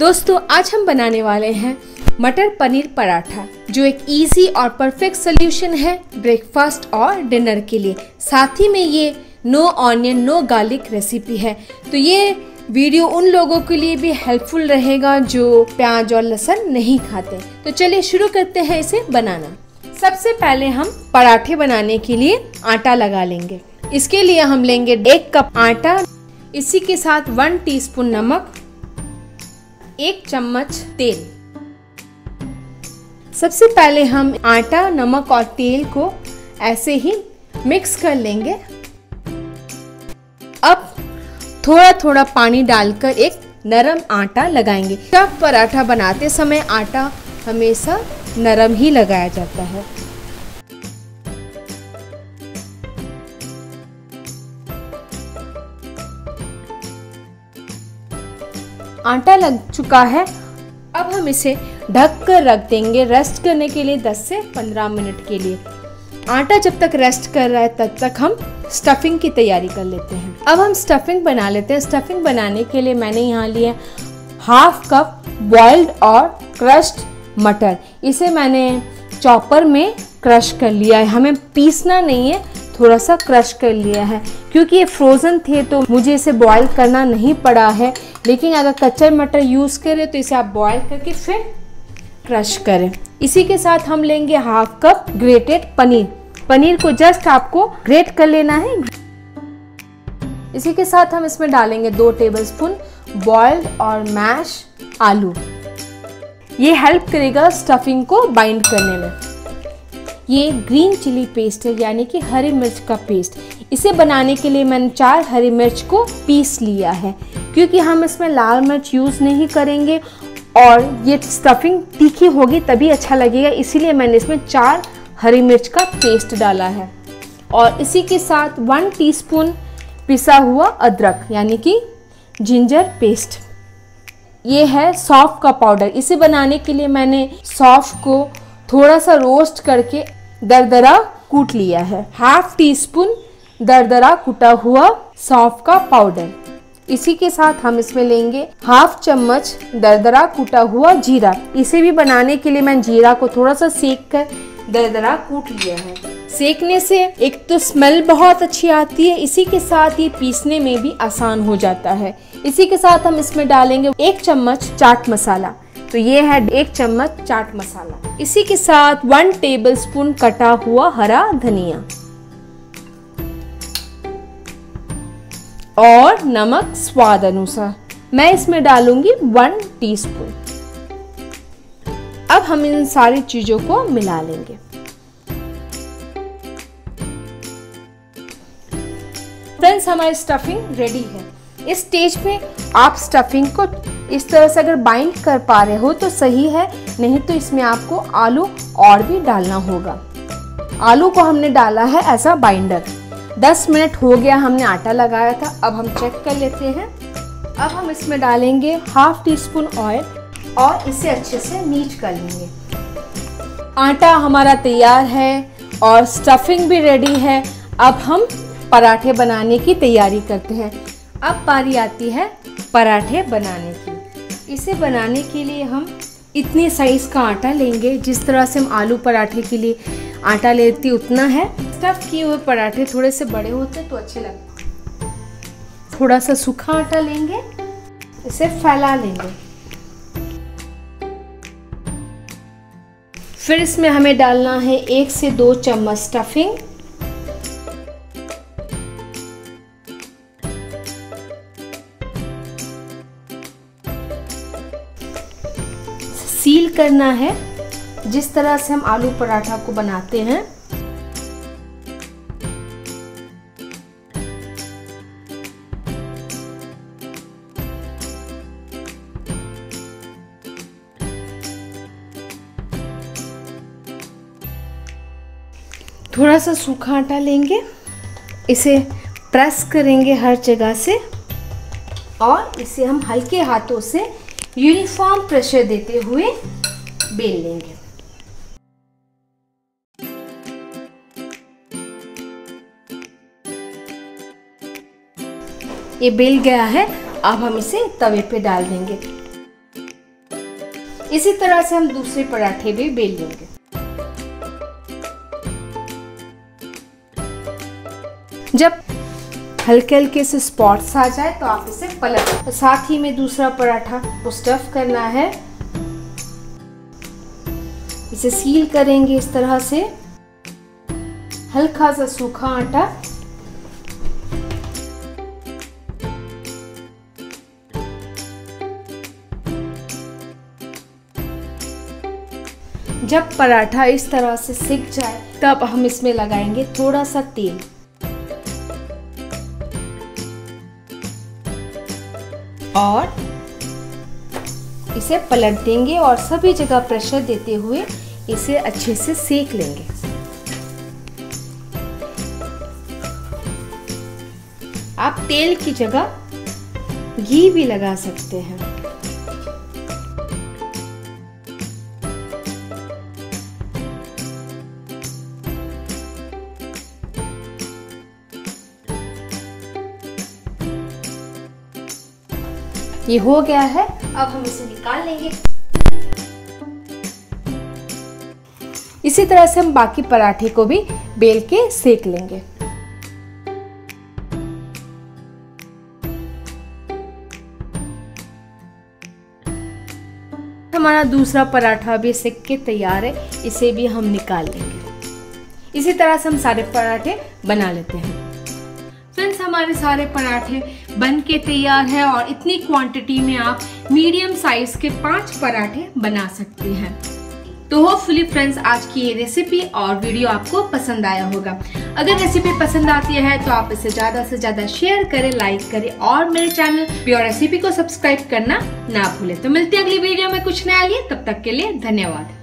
दोस्तों आज हम बनाने वाले हैं मटर पनीर पराठा जो एक इजी और परफेक्ट सोल्यूशन है ब्रेकफास्ट और डिनर के लिए साथ ही में ये no onion no garlic recipe है तो ये वीडियो उन लोगों के लिए भी हेल्पफुल रहेगा जो प्याज और लहसुन नहीं खाते तो चलिए शुरू करते हैं इसे बनाना सबसे पहले हम पराठे बनाने के लिए आटा लगा लेंगे इसके लिए हम लेंगे एक कप आटा इसी के साथ वन टीस्पून नमक एक चम्मच तेल सबसे पहले हम आटा नमक और तेल को ऐसे ही मिक्स कर लेंगे अब थोड़ा थोड़ा पानी डालकर एक नरम आटा लगाएंगे पराठा बनाते समय आटा हमेशा नरम ही लगाया जाता है आटा लग चुका है अब हम इसे ढक कर रख देंगे रेस्ट करने के लिए 10 से 15 मिनट के लिए आटा जब तक रेस्ट कर रहा है तब तक हम स्टफिंग की तैयारी कर लेते हैं अब हम स्टफिंग बना लेते हैं स्टफिंग बनाने के लिए मैंने यहाँ लिया हाफ कप बॉइल्ड और क्रश्ड मटर इसे मैंने चॉपर में क्रश कर लिया है हमें पीसना नहीं है थोड़ा सा क्रश कर लिया है क्योंकि ये फ्रोज़न थे तो मुझे इसे बॉईल करना नहीं पड़ा है लेकिन अगर कच्चा मटर यूज़ करें तो इसे आप बॉईल करके फिर क्रश करें इसी के साथ हम लेंगे half cup grated paneer paneer को जस्ट आपको ग्रेट कर लेना है इसी के साथ हम इसमें डालेंगे दो टेबलस्पून बॉइल्ड और मैश आलू ये हेल्प करेगा स्टफिंग को बाइंड करने में ये ग्रीन चिली पेस्ट है यानी कि हरी मिर्च का पेस्ट इसे बनाने के लिए मैंने चार हरी मिर्च को पीस लिया है क्योंकि हम इसमें लाल मिर्च यूज़ नहीं करेंगे और ये स्टफिंग तीखी होगी तभी अच्छा लगेगा इसीलिए मैंने इसमें चार हरी मिर्च का पेस्ट डाला है और इसी के साथ वन टीस्पून पिसा हुआ अदरक यानी कि जिंजर पेस्ट ये है सौफ का पाउडर इसे बनाने के लिए मैंने सौफ को थोड़ा सा रोस्ट करके दरदरा कूट लिया है हाफ टी स्पून दरदरा कुटा हुआ सौंफ का पाउडर इसी के साथ हम इसमें लेंगे हाफ चम्मच दरदरा कुटा हुआ जीरा इसे भी बनाने के लिए मैं जीरा को थोड़ा सा सेक कर दरदरा कूट लिया है सेकने से एक तो स्मेल बहुत अच्छी आती है इसी के साथ ये पीसने में भी आसान हो जाता है इसी के साथ हम इसमें डालेंगे एक चम्मच चाट मसाला तो ये है एक चम्मच चाट मसाला इसी के साथ वन टेबल स्पून कटा हुआ हरा धनिया और नमक स्वाद अनुसार मैं इसमें डालूंगी वन टीस्पून अब हम इन सारी चीज़ों को मिला लेंगे फ्रेंड्स हमारी स्टफिंग रेडी है इस स्टेज पे आप स्टफिंग को इस तरह से अगर बाइंड कर पा रहे हो तो सही है नहीं तो इसमें आपको आलू और भी डालना होगा आलू को हमने डाला है ऐसा बाइंडर 10 मिनट हो गया हमने आटा लगाया था अब हम चेक कर लेते हैं अब हम इसमें डालेंगे हाफ टी स्पून ऑयल और इसे अच्छे से मीट कर लेंगे आटा हमारा तैयार है और स्टफिंग भी रेडी है अब हम पराठे बनाने की तैयारी करते हैं अब पारी आती है पराठे बनाने की इसे बनाने के लिए हम इतने साइज़ का आटा लेंगे जिस तरह से हम आलू पराठे के लिए आटा लेती उतना है तब किए हुए पराठे थोड़े से बड़े होते तो अच्छे लगते थोड़ा सा सूखा आटा लेंगे इसे फैला लेंगे फिर इसमें हमें डालना है एक से दो चम्मच स्टफिंग सील करना है जिस तरह से हम आलू पराठा को बनाते हैं थोड़ा सा सूखा आटा लेंगे इसे प्रेस करेंगे हर जगह से और इसे हम हल्के हाथों से यूनिफॉर्म प्रेशर देते हुए बेल लेंगे ये बेल गया है अब हम इसे तवे पे डाल देंगे इसी तरह से हम दूसरे पराठे भी बेल लेंगे जब हल्के हल्के से स्पॉट्स आ जाए तो आप इसे पलट तो साथ ही में दूसरा पराठा को स्टफ करना है इसे सील करेंगे इस तरह से हल्का सा सूखा आटा जब पराठा इस तरह से सिक जाए तब हम इसमें लगाएंगे थोड़ा सा तेल और इसे पलट देंगे और सभी जगह प्रेशर देते हुए इसे अच्छे से सेक लेंगे आप तेल की जगह घी भी लगा सकते हैं ये हो गया है अब हम इसे निकाल लेंगे इसी तरह से हम बाकी पराठे को भी बेल के सेक लेंगे हमारा दूसरा पराठा भी सेक के तैयार है इसे भी हम निकाल लेंगे इसी तरह से हम सारे पराठे बना लेते हैं फ्रेंड्स हमारे सारे पराठे बन के तैयार है और इतनी क्वांटिटी में आप मीडियम साइज के पांच पराठे बना सकते हैं तो होपफुली फ्रेंड्स आज की ये रेसिपी और वीडियो आपको पसंद आया होगा अगर रेसिपी पसंद आती है तो आप इसे ज़्यादा से ज़्यादा शेयर करें लाइक करें और मेरे चैनल प्योर रेसिपी को सब्सक्राइब करना ना भूलें तो मिलते हैं अगली वीडियो में कुछ नया लिए तब तक के लिए धन्यवाद